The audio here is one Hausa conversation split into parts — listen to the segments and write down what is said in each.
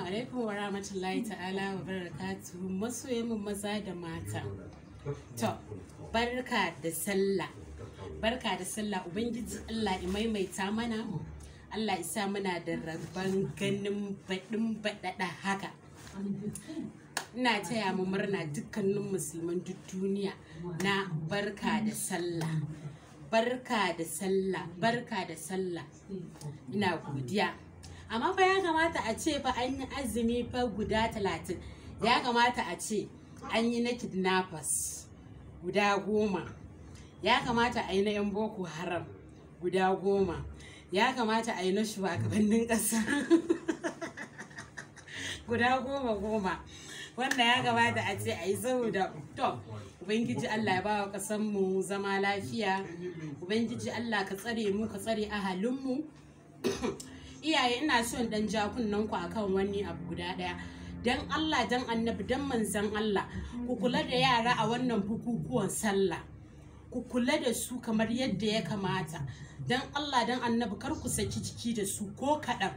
Assalamu alaikum wa rahmatullahi ta'ala wa barakatuhu masoyan maza da mata. To, barka da sallah. Barka da sallah Ubangiji Allah ya maimaita mana. Allah ya sa muna da rabban ganin baɗin baɗaɗa haka. Ina taya mu murna dukkanin musulman duk duniya na barka da sallah. Barka da sallah, barka da sallah. Ina godiya. amma fa ya kamata a ce fa an yi azumi fa guda talatin ya kamata a ce an yi na kidnappers guda goma ya kamata a yi na 'yan boko haram guda goma ya kamata a yi na shugabannin ƙasa guda goma goma wanda ya kamata a ce a yi saboda to ubangiji allah ya bawa mu zama lafiya ubangiji allah ka tsare mu ka tsare ahalinmu iyaye ina son dan ja ku akan wani abu guda daya dan Allah dan annabi dan manzan Allah ku kula da yara a wannan bukukuwan sallah ku kula da su kamar yadda ya kamata dan Allah dan annabi kar ku saki jiki da su ko kaɗan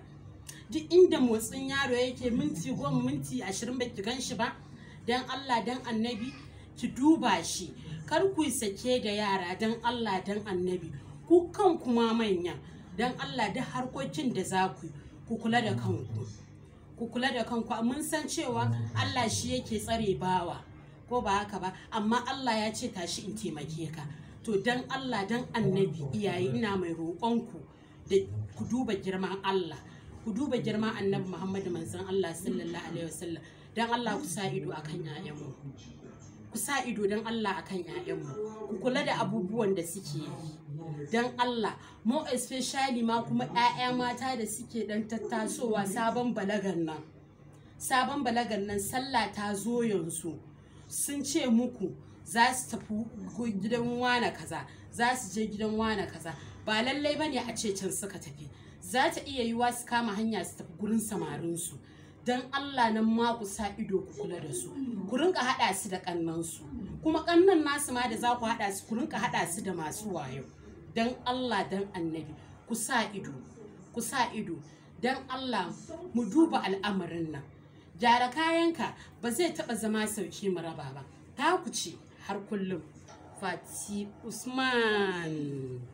duk inda motsin yaro yake minti goma minti ashirin baki gan shi ba dan Allah dan annabi ki duba shi kar ku sake da yara dan Allah dan annabi ku kan kuma manya don Allah duk harkokin da za ku ku kula da kanku ku kula da kanku mun san cewa Allah shi yake tsare bawa ko ba haka ba amma Allah ya ce tashi in taimake ka to dan Allah dan annabi iyaye ina mai roƙonku da ku duba girman Allah ku duba girman annabi Muhammadu manzon Allah sallallahu alaihi wasallam dan Allah ku sa ido akan ƴaƴanmu ku sa ido dan Allah akan ƴaƴanmu ku kula da abubuwan da suke yi don Allah mo especially ma kuma 'ya'ya mata da suke ɗan tattasowa sabon balagan nan sabon balagan nan sallah ta zo yanzu sun ce muku za su tafi gidan wana kaza za su je gidan wana kaza ba lallai bane a ce can suka tafi za ta iya yiwa su kama hanya su tafi gurin samarinsu don Allah nan ma ku sa ido ku kula da su ku rinka haɗa su da kannansu kuma kannan nasu ma da za ku haɗa su ku rinka haɗa su da masu wayo dan Allah dan annabi ku sa ido ku sa ido dan Allah mu duba al'amarin nan gyara kayanka ba zai taɓa zama sauki mu raba ba ta ku ce har kullum fati usman